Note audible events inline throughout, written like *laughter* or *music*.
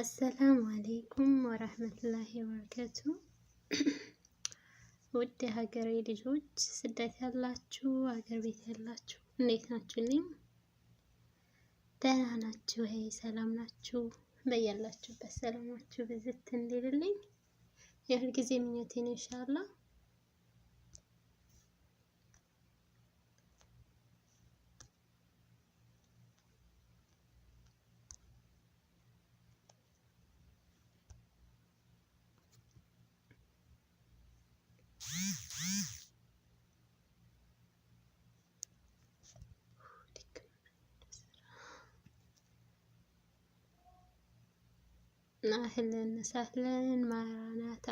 አሰላሙ አሌይኩም ወራህመቱላሂ ወበረከቱ። *clears throat* ውድ ሀገሬ ልጆች፣ ስደት ያላችሁ፣ ሀገር ቤት ያላችሁ እንዴት ናችሁ? እኔም ደህና ናችሁ? ይሄ ሰላም ናችሁ? በያላችሁበት ሰላማችሁ ብዝት እንዲልልኝ የሁልጊዜ ምኞቴ ነው። አህለን ሳህለን ማራናታ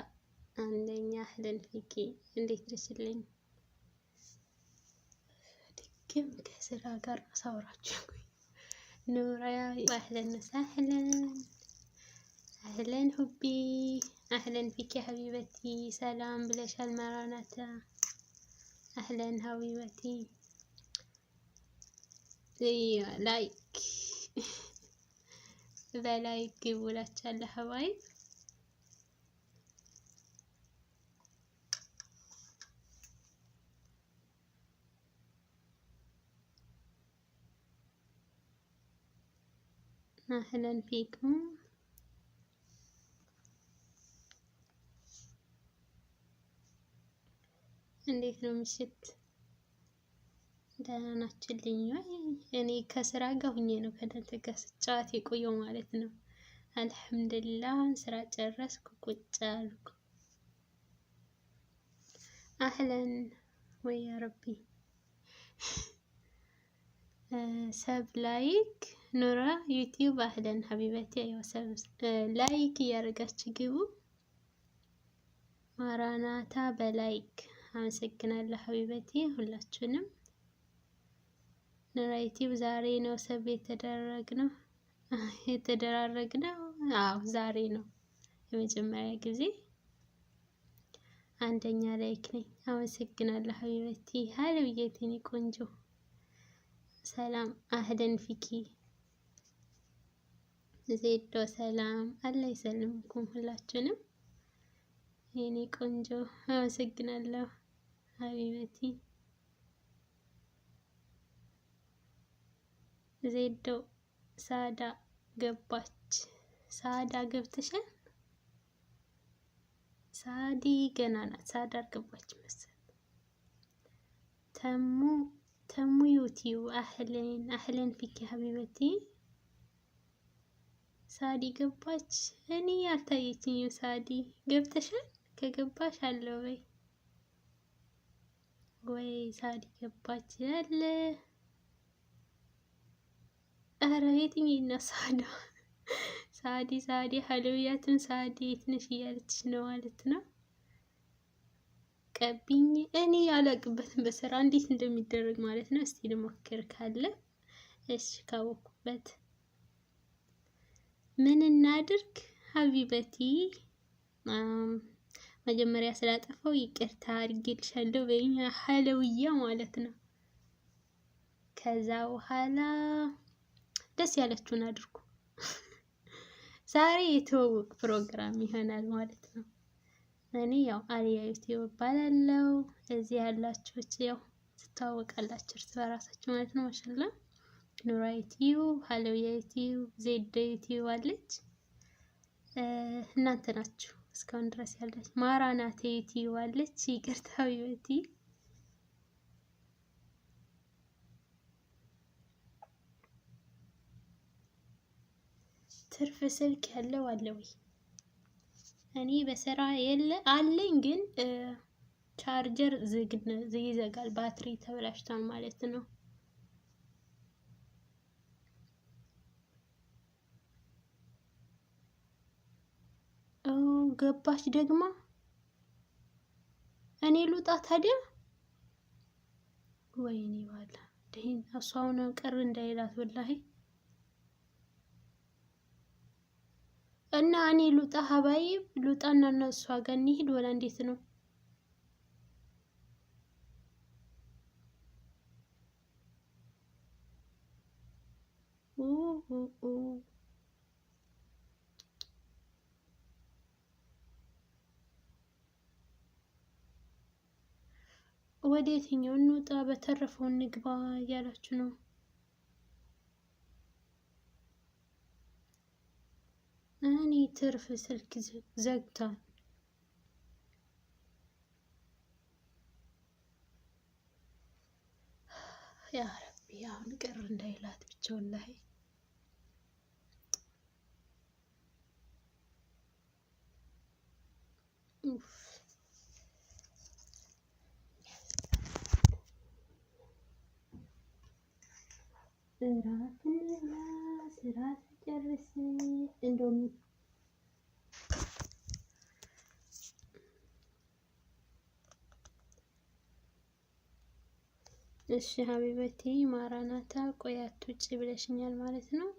አንደኛ አህለን ፊኪ እንዴት ደስልኝ። ድግም ከስራ ጋር አሳውራችሁ ኑራ አህለን ሳህለን አህለን ሁቢ አህለን ፊኪ ሀቢበቲ ሰላም ብለሻል። ማራናታ አህለን ሀቢበቲ ላይክ እዛ ላይ ግቡላችኋለሁ ሀባይብ أهلا فيكم እንዴት ነው ምሽት ደህና ናችሁልኝ ወይ? እኔ ከስራ ጋር ሁኜ ነው ከእናንተ ጋር ስጫወት የቆየው ማለት ነው። አልሐምዱሊላህ ስራ ጨረስኩ ቁጭ አልኩ። አህለን ወይ ያረቢ ሰብ ላይክ ኑራ ዩቲዩብ አህለን ሀቢበቴ ያው ሰብ ላይክ እያደረጋችሁ ግቡ። ማራናታ በላይክ አመሰግናለሁ ሀቢበቴ ሁላችሁንም ነራቲቭ ዛሬ ነው ሰብ የተደረግ ነው የተደራረግ ነው። አዎ ዛሬ ነው የመጀመሪያ ጊዜ አንደኛ ላይክ ነኝ። አመሰግናለሁ ሀቢበቲ ሀይል ብየቴኒ ቆንጆ ሰላም አህደን ፊኪ ዜዶ ሰላም አላህ ይሰልምኩም ሁላችንም የኔ ቆንጆ አመሰግናለሁ ሀቢበቲ ዜዶ ሳዳ ገባች። ሳዳ ገብተሻል። ሳዲ ገና ናት። ሳዳ ገባች መሰል። ተሙ ተሙ ዩቲዩ አህለን አህለን ፊኪ ሀቢበቲ ሳዲ ገባች። እኔ ያልታየችኝ ሳዲ ገብተሻል? ከገባሽ አለው ወይ ወይ ሳዲ ገባች አለ ኧረ የትኛ ይነሳል? ሳዲ ሳዲ ሀለውያትን ሳዲ ትንሽ እያለች ነው ማለት ነው። ቀብኝ እኔ ያላቅበትን በስራ እንዴት እንደሚደረግ ማለት ነው። እስቲ ልሞክር ካለ እሺ፣ ካወኩበት ምን እናድርግ ሀቢበቲ መጀመሪያ ስላጠፋው ይቅርታ አድርጌልሻለሁ በኛ ሀለውያ ማለት ነው። ከዛ በኋላ ደስ ያለችውን አድርጉ። ዛሬ የተወውቅ ፕሮግራም ይሆናል ማለት ነው። እኔ ያው አሊያ ዩቲዩብ እባላለሁ። እዚህ ያላችሁት ያው ትታወቃላችሁ እርስ በራሳችሁ ማለት ነው። ማሻላ ኑራ ዩቲዩብ፣ ሀለውያ ዩቲዩብ፣ ዜድ ዩቲዩብ አለች። እናንተ ናችሁ እስካሁን ድረስ ያለች። ማራናቴ ዩቲዩብ አለች። ይቅርታዊ ዩቲዩብ ትርፍ ስልክ ያለው አለ ወይ? እኔ በስራ የለ አለኝ፣ ግን ቻርጀር ዝግ ይዘጋል። ባትሪ ተበላሽቷል ማለት ነው። ገባች ደግሞ እኔ ልውጣ ታዲያ። ወይኔ ባላ ደህና እሷ አሁን ቀር እንዳይላት ወላሄ እና እኔ ሉጣ ሀባይ ሉጣ እና እነሱ ጋር እንሂድ ወላ እንዴት ነው? ወደ የትኛው እንውጣ? በተረፈው እንግባ እያላችሁ ነው። أني ترفس الكزكتان يا ربي يا نقر نديلات بتشون لهي أوف راتنا راتنا ጨርስ እንዶሚ እሺ ሀቢበቲ ማራናታ ቆያት ውጭ ብለሽኛል ማለት ነው።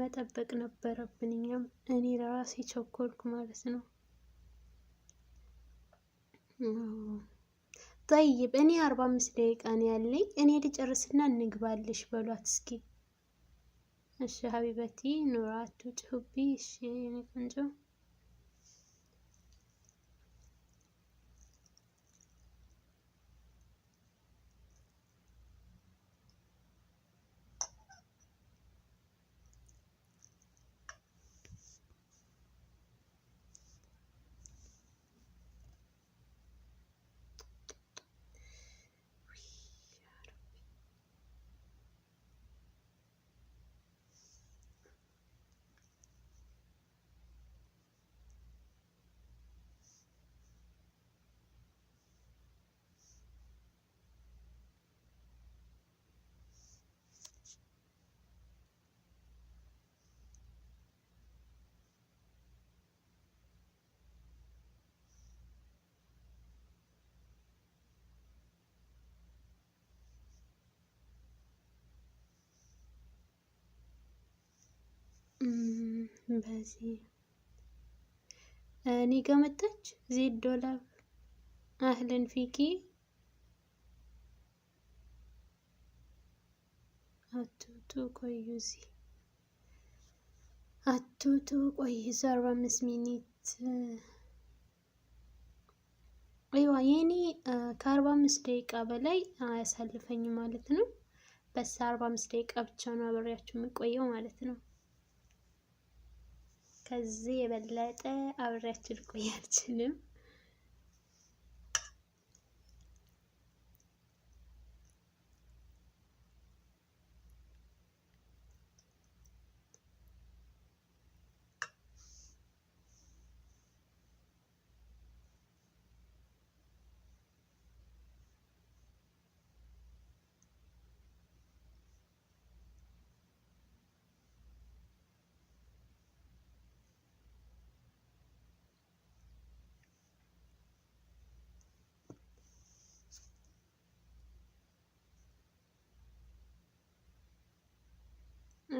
መጠበቅ ነበረብን እኛም እኔ ለራሴ ቸኮልኩ ማለት ነው። ጠይብ እኔ አርባ አምስት ደቂቃ ነው ያለኝ እኔ ልጨርስና እንግባልሽ በሏት እስኪ እሺ ሀቢበቲ ኑራቱ ጩቢ እሺ ቆንጆ በዚህ እኔ ዜድ ዶላር አህለን ፊኪ አቱቱ ቆዩ እዚ አቱቱ ቆይ አርባ አምስት ሚኒት ይዋ የኔ ከአርባ አምስት ደቂቃ በላይ አያሳልፈኝ ማለት ነው። በስ አርባ አምስት ደቂቃ ብቻ ነው አብሬያችሁ የምቆየው ማለት ነው። ከዚህ የበለጠ አብሬያችሁ ልቆይ አልችልም።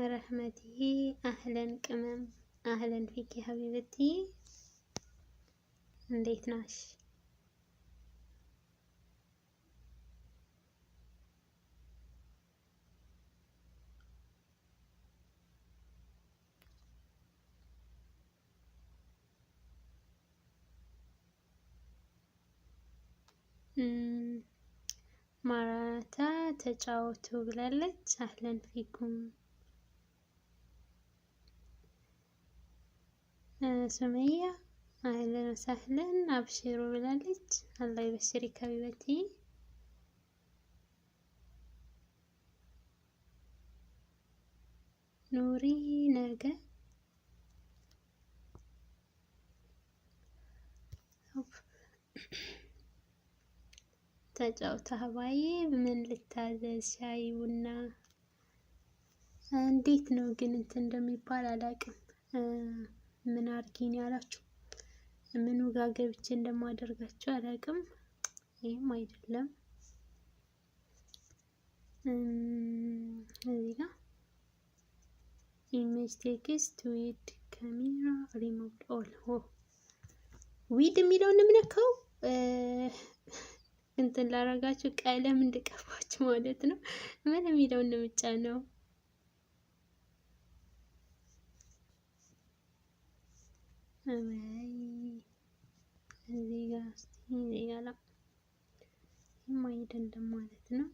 رحمتي أهلا كمام أهلا فيك يا حبيبتي انديت ناش ማራታ ተጫወቱ ብላለች። አህለን ፊኩም ሱመያ አህለን ወሳህለን አብሽሩ ብላለች። አላህ ይበሽሪክ ሀቢበቲ። ኑሪ ነገ ተጫውታ ሀባዬ ምን ልታዘዝ? ሻይ ቡና? እንዴት ነው ግን እንትን እንደሚባል አላውቅም። ምን አድርጊ ነው ያላችሁ? ምኑ ጋር ገብቼ እንደማደርጋቸው አላውቅም። ይህም አይደለም እዚህ ጋር ኢሜጅ ቴክስት ዊድ ካሜራ ሪሞቭድ ኦል ሆ ዊድ የሚለውን የምነካው እንትን ላረጋችሁ ቀለም እንድቀባችሁ ማለት ነው። ምን የሚለውን ምጫ ነው ወይ እዚህ ጋር እስቲ እዚህ ጋር ላ አይደለም ማለት ነው።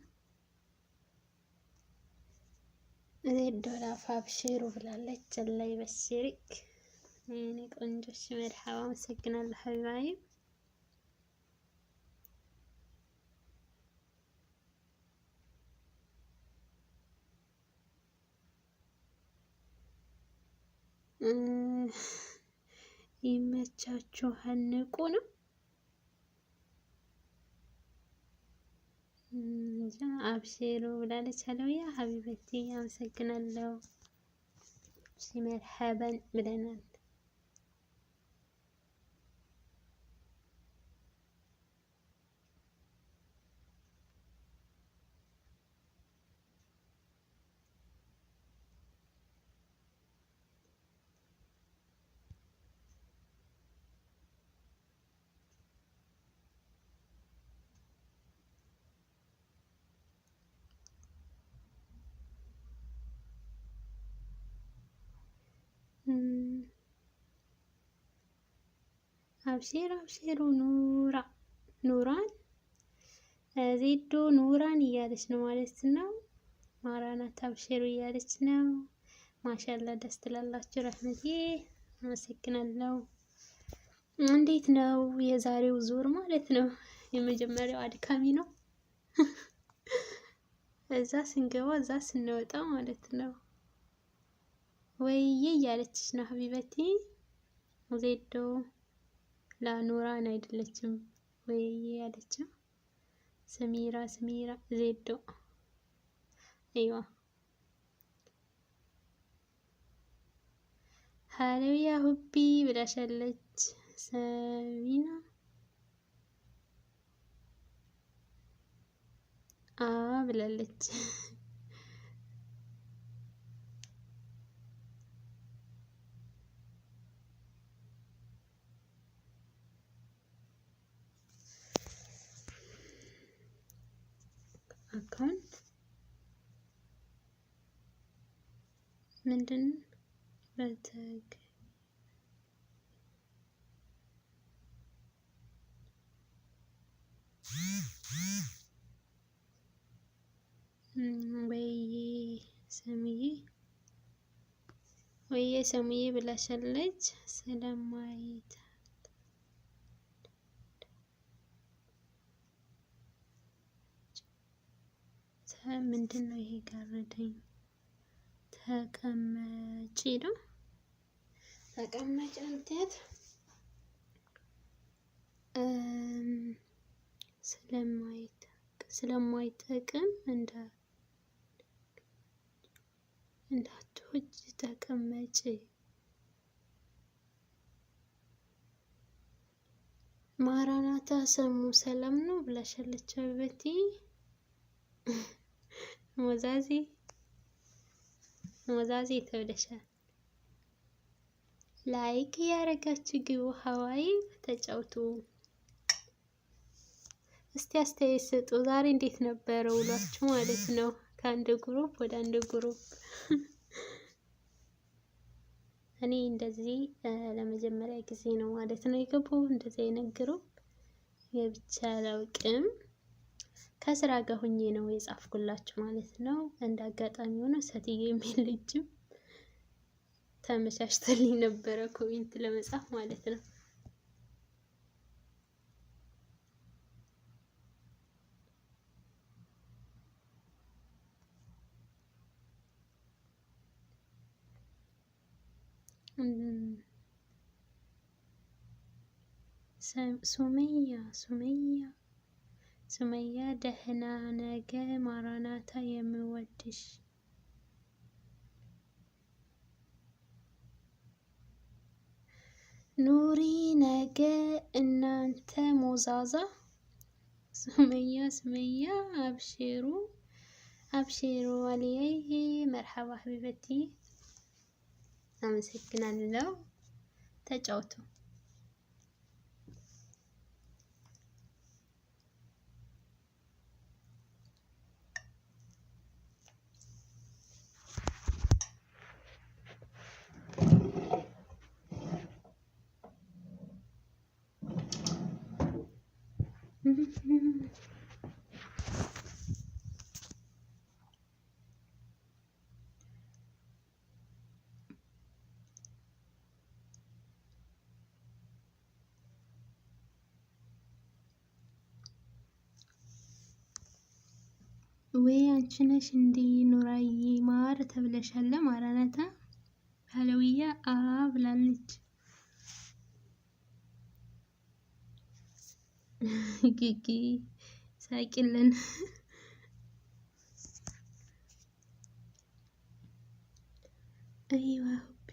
ዜድ ፋብሽሩ ብላለች። ላይ በሽሪክ እኔ ቆንጆሽ መድሃባ አመሰግናለሁ። ሀቢባዬ እህ ይመቻችኋል። ንቁ ነው። አብሽሩ ብላለች። ሀለውያ ሀቢበቴ አመሰግናለሁ። መርሐበን ብለናል። አብሽር አብሽሩ ኑራ ኑራን ዜዶ ኑራን እያለች ነው ማለት ነው። ማራናት አብሽሩ እያለች ነው። ማሻላ ደስ ትላላችሁ። ረህመቴ አመሰግናለሁ። እንዴት ነው የዛሬው ዙር ማለት ነው? የመጀመሪያው አድካሚ ነው። *laughs* እዛ ስንገባ እዛ ስንወጣ ማለት ነው። ወይዬ እያለችሽ ነው ሀቢበቲ። ዜዶ ላኑራን አይደለችም ወይዬ ያለችው ስሚራ ስሚራ ዜዶ እዋ ሀለውያ ሁቢ ብላሻለች ሰሚና አ ብላለች። አካውንት ምንድን በተገቢ ወይዬ ሰምዬ ብላሻለች ስለማይታ ምንድን ነው ይሄ ጋረደኝ? ተቀመጪ ነው ተቀመጭ ምክንያት ስለማይጠቅም እንደ ተቀመጭ ማራናታ ሰሙ ሰላም ነው ብላሻለች። ሞዛዜ ሞዛዜ ተብለሻል። ላይክ ያደረጋችሁ ግቡ። ሀዋይ ተጫውቱ። እስቲ አስተያየት ስጡ። ዛሬ እንዴት ነበረ ውሏችሁ ማለት ነው? ከአንድ ግሩፕ ወደ አንድ ግሩፕ *laughs* እኔ እንደዚህ ለመጀመሪያ ጊዜ ነው ማለት ነው የገቡ እንደዚህ አይነት ግሩፕ የብቻ አላውቅም። ከስራ ጋር ሁኜ ነው የጻፍኩላችሁ ማለት ነው። እንደ አጋጣሚ ሆኖ ሰትዬ የሚል ልጅም ተመቻችተልኝ ነበረ ኮሜንት ለመጻፍ ማለት ነው። ሱመያ ሱመያ ሱመያ ደህና ነገ ማራናታ የምወድሽ ኑሪ ነገ እናንተ ሞዛዛ ሱመያ ሱመያ አብሽሩ አብሽሩ አልያዬ መርሐባ ሀቢበቲ አመሰግናለሁ ተጫውቱ ወይ አንቺ ነሽ እንዴ ኑራዬ ማር ተብለሻለ ማራናታ ባለውያ አ ብላለች። ጊጊ ሳቂልን። አይዋ ሁቢ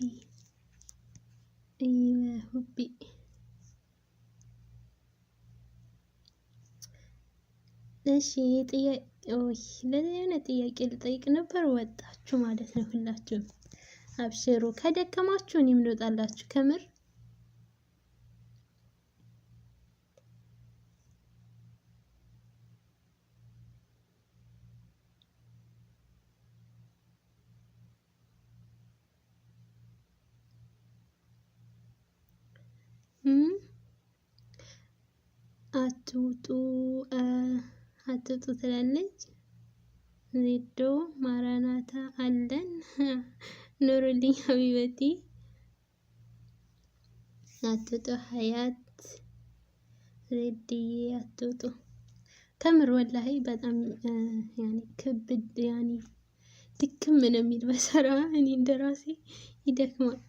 አይዋ ሁቢ እሺ ጥያቄዎች ለሆነ ጥያቄ ልጠይቅ ነበር፣ ወጣችሁ ማለት ነው። ሁላችሁም አብሽሩ። ከደከማችሁ እኔም ልወጣላችሁ ከምር አትውጡ አትውጡ ትላለች። ዜዶ ማራናታ አለን *laughs* ኑሩልኝ ሀቢበቲ አትውጡ ሀያት ሬድዬ አትውጡ። ከምር ወላሂ በጣም ያኔ ክብድ ያኔ ድክም ነው የሚል በሰራ እኔ እንደራሴ ይደክማል።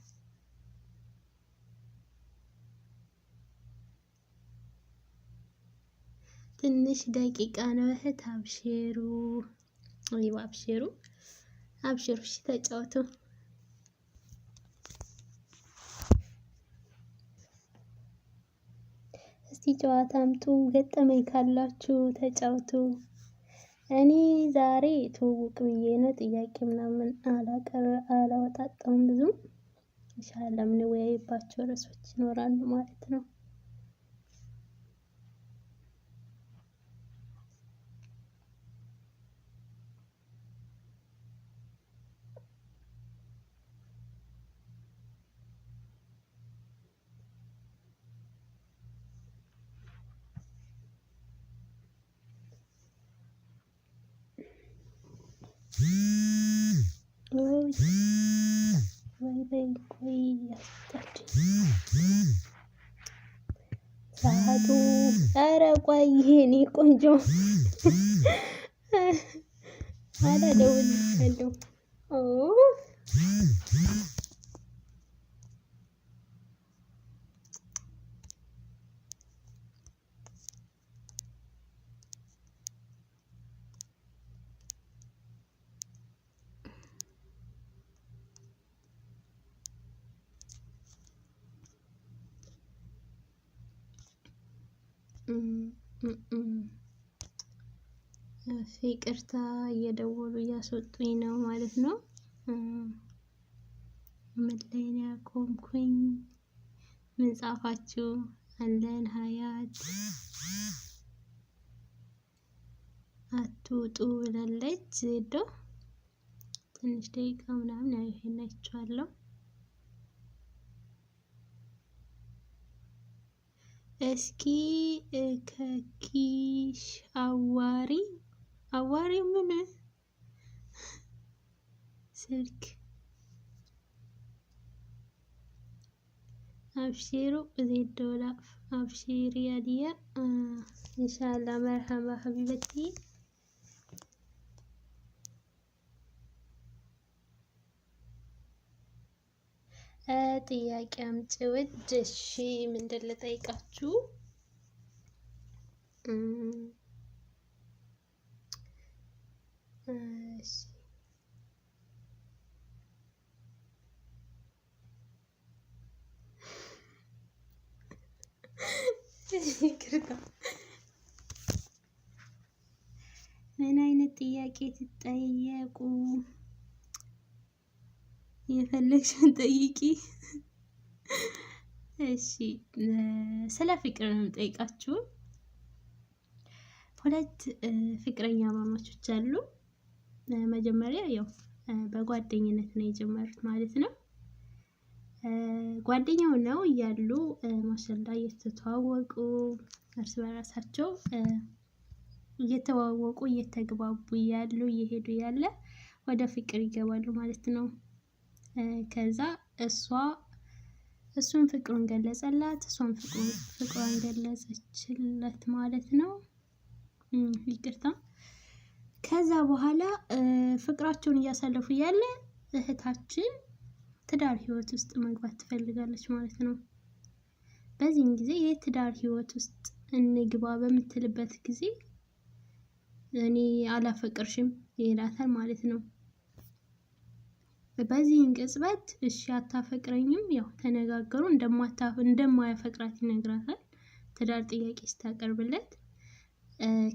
ትንሽ ደቂቃ ነው እህት፣ አብሽሩ ወይ አብሽሩ አብሽሩ፣ እሺ ተጫወቱ። እስቲ ጨዋታ አምጡ፣ ገጠመኝ ካላችሁ ተጫወቱ። እኔ ዛሬ ትውውቅ ብዬ ነው ጥያቄ ምናምን አላቀር አላወጣጣውም ብዙም። ኢንሻአላህ የምንወያይባቸው ርዕሶች ይኖራሉ ማለት ነው። ወይ በይ ሰዓቱ። ኧረ ቆይ የኔ ቆንጆ አላደውልልሻለሁ። ይቅርታ እየደወሉ እያስወጡኝ ነው ማለት ነው። ምን ላይ ነው ያቆምኩኝ? ምን ጻፋችሁ? አለን ሀያት አትውጡ ብላለች። ዜዶ ትንሽ ደቂቃ ምናምን ያይሄናችኋለሁ እስኪ ከኪሽ አዋሪ አዋሪ ምን ስልክ አብሽሩ ዜድ ወላፍ አብሽሪ ያዲያ ኢንሻአላህ መርሐባ ሀቢበቲ ጥያቄ አምጪ ውድ። እሺ ምንድን ልጠይቃችሁ? ይቅርታ ምን አይነት ጥያቄ ትጠየቁ? የፈለግሽን ጠይቂ። እሺ ስለ ፍቅር ነው የምጠይቃችሁ። ሁለት ፍቅረኛ ማማቾች አሉ። መጀመሪያ ያው በጓደኝነት ነው የጀመሩት ማለት ነው። ጓደኛው ነው እያሉ ማሸላ እየተተዋወቁ እርስ በራሳቸው እየተዋወቁ እየተግባቡ እያሉ እየሄዱ ያለ ወደ ፍቅር ይገባሉ ማለት ነው። ከዛ እሷ እሱን ፍቅሩን ገለጸላት፣ እሷን ፍቅሯን ገለጸችለት ማለት ነው። ይቅርታ። ከዛ በኋላ ፍቅራቸውን እያሳለፉ ያለ እህታችን ትዳር ህይወት ውስጥ መግባት ትፈልጋለች ማለት ነው። በዚህም ጊዜ የትዳር ህይወት ውስጥ እንግባ በምትልበት ጊዜ እኔ አላፈቅርሽም ይላታል ማለት ነው። በዚህን ቅጽበት እሺ አታፈቅረኝም፣ ያው ተነጋገሩ፣ እንደማያፈቅራት ይነግራታል ትዳር ጥያቄ ስታቀርብለት።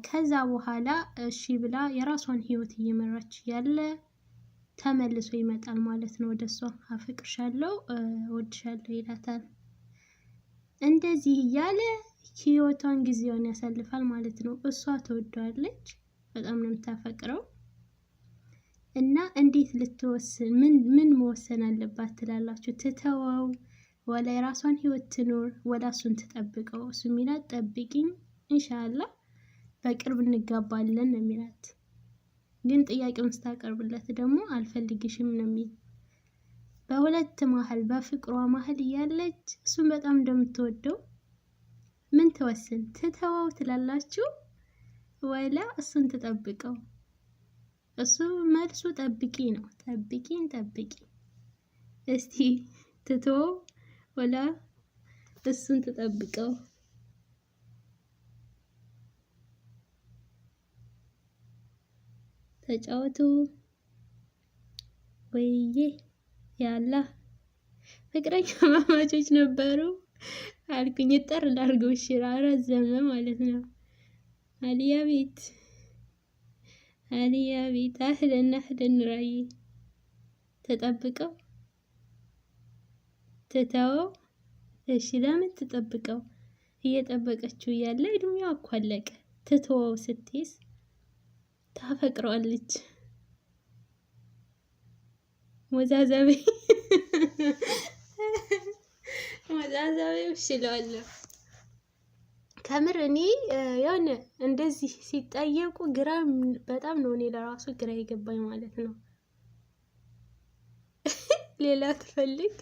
ከዛ በኋላ እሺ ብላ የራሷን ህይወት እየመራች ያለ ተመልሶ ይመጣል ማለት ነው። ወደ እሷ አፈቅርሻለሁ፣ ወድሻለሁ ይላታል። እንደዚህ እያለ ህይወቷን ጊዜውን ያሳልፋል ማለት ነው። እሷ ተወደዋለች፣ በጣም ነው የምታፈቅረው። እና እንዴት ልትወስን ምን ምን መወሰን አለባት ትላላችሁ? ትተወው ወላ የራሷን ህይወት ትኖር ወላ እሱን ትጠብቀው? እሱ የሚላት ጠብቂኝ እንሻላ በቅርብ እንጋባለን ነው የሚላት። ግን ጥያቄውን ስታቀርብለት ደግሞ አልፈልግሽም ነው የሚል። በሁለት መሀል በፍቅሯ መሀል እያለች እሱን በጣም እንደምትወደው ምን ትወስን? ትተወው ትላላችሁ ወላ እሱን ትጠብቀው? እሱ መልሱ ጠብቂ ነው። ጠብቂን ጠብቂ እስቲ ትቶ ወላ እሱን ትጠብቀው ተጫወቱ። ወይዬ ያላ ፍቅረኛ ማማቾች ነበሩ አልኩኝ። ጠር ላርገው ሽራራ ረዘመ ማለት ነው አልያ ቤት ሀኒያ ቤታ ህደና ህደን ራይ ተጠብቀው ትተወው። እሺ ለምን ትጠብቀው? እየጠበቀችው እያለ እድሜው አኳለቀ አለቀ። ትተወው ስትይዝ ታፈቅረዋለች። ወዛዛቤ ወዛዛቤ እሺ ከምር እኔ የሆነ እንደዚህ ሲጠየቁ ግራ በጣም ነው እኔ ለራሱ ግራ የገባኝ ማለት ነው። *laughs* ሌላ ትፈልግ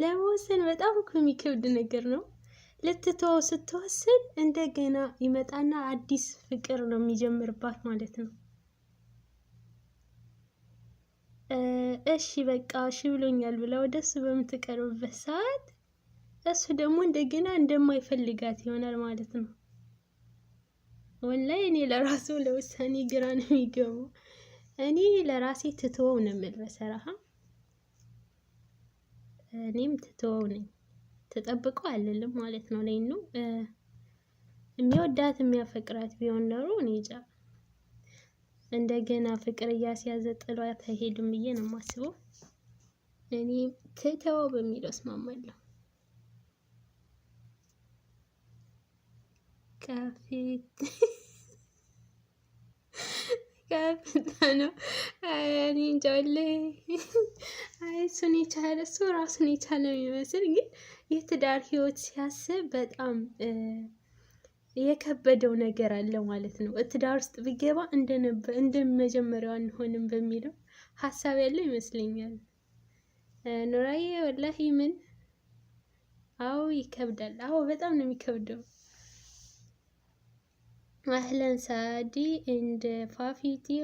ለመወሰን በጣም እኮ የሚከብድ ነገር ነው። ልትተወው ስትወስን እንደገና ይመጣና አዲስ ፍቅር ነው የሚጀምርባት ማለት ነው። እሺ በቃ እሺ ብሎኛል ብላ ወደሱ በምትቀርብበት ሰዓት እሱ ደግሞ እንደገና እንደማይፈልጋት ይሆናል ማለት ነው። ወላሂ እኔ ለራሱ ለውሳኔ ግራ ነው የሚገባው። እኔ ለራሴ ትተወው ነው የምል በሰራሃ እኔም ትተወው ነኝ ተጠብቆ አልልም ማለት ነው። ላይ ነው የሚወዳት የሚያፈቅራት ቢሆን ኖሮ እኔ እንጃ እንደገና ፍቅር እያስያዘ ጥሏት አይሄድም ብዬ ነው የማስበው። እኔ ትተወው በሚለው እስማማለሁ። ከፊት ከፊት ነው። እኔ እንጃውል። አይ እሱን የቻለ እሱ ራሱን የቻለ የሚመስል ግን የትዳር ህይወት ሲያስብ በጣም የከበደው ነገር አለ ማለት ነው። ትዳር ውስጥ ቢገባ እንደ መጀመሪያው አንሆንም በሚለው ሀሳብ ያለው ይመስለኛል። ኑራዬ ወላሂ ምን አዎ ይከብዳል። አዎ በጣም ነው የሚከብደው። አህለን ሳዲ እንደ ፋፊቲዮ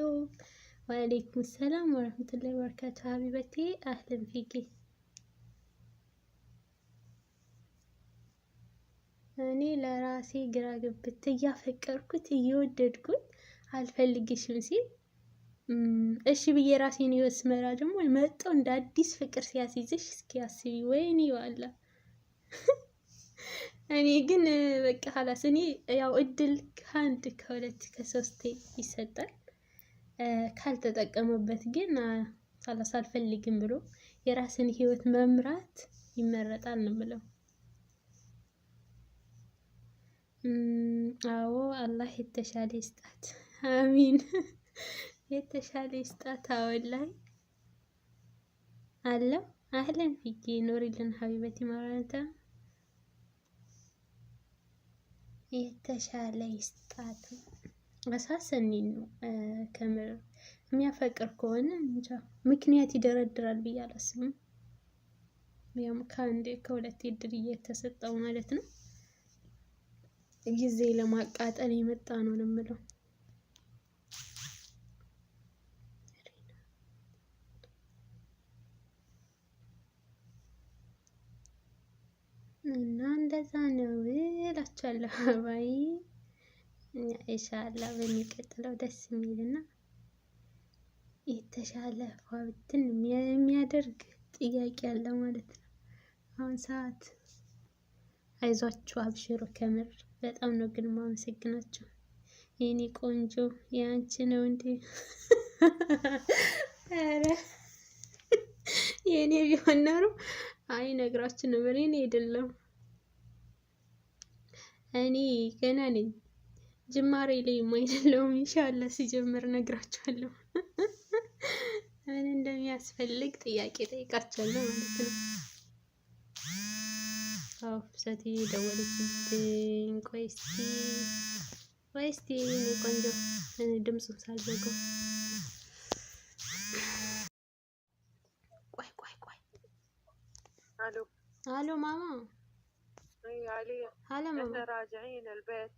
ወአለይኩም ሰላም ወረህመቱላሂ ወበረካቱ። ሀቢበቴ አህለን ፊኪ። እኔ ለራሴ ግራ ገብት እያፈቀርኩት እየወደድኩት አልፈልግሽም ሲል እሺ ብዬ ራሴን ህይወት ስመራ ደግሞ መጠው እንደ አዲስ ፍቅር ሲያስይዝሽ እስኪ አስቢ። ወይኔ ዋላ እኔ ግን በቃ ሀላስ እኔ ያው እድል ከአንድ ከሁለት ከሶስቴ ይሰጣል። ካልተጠቀመበት ግን ሀላስ አልፈልግም ብሎ የራስን ህይወት መምራት ይመረጣል ነው የምለው። አዎ አላህ የተሻለ ይስጣት። አሚን የተሻለ ይስጣት። አሁን ላይ አለው አህለን ፊጌ ኖሪልን ሀቢበቲ ማራንታ የተሻለ ይስጣት። አሳሰኒን ነው ከምር የሚያፈቅር ከሆነ እንጃ ምክንያት ይደረድራል ብዬ አላስብም። ያም ከአንድ ከሁለት ድር እየተሰጠው ማለት ነው። ጊዜ ለማቃጠል የመጣ ነው ነው የምለው። እና እንደዛ ነው እላችኋለሁ። *laughs* አባይ ኢንሻአላህ በሚቀጥለው ደስ የሚልና የተሻለ ፏብትን የሚያደርግ ጥያቄ አለ ማለት ነው። አሁን ሰዓት አይዟችሁ፣ አብሽሮ ከምር በጣም ነው ግን ማመሰግናችሁ የኔ ቆንጆ የአንቺ ነው እንዴ? ኧረ *laughs* የእኔ ቢሆን ኖሮ አይ ነግራችሁ ነበር፣ የኔ አይደለም። እኔ ገና ነኝ፣ ጅማሬ ላይ አይደለሁም። ኢንሻላህ ሲጀምር ነግራችኋለሁ። ምን እንደሚያስፈልግ ጥያቄ ጠይቃችኋለሁ ማለት ነው። አዎ ሰቲ ደወለችብኝ። ቆይ እስኪ ቆይ እስኪ ቆንጆ ድምፁን ሳልዘጋው ቆይ ቆይ ቆይ። አሎ አሎ ማማ إيه، هلا ماما راجعين البيت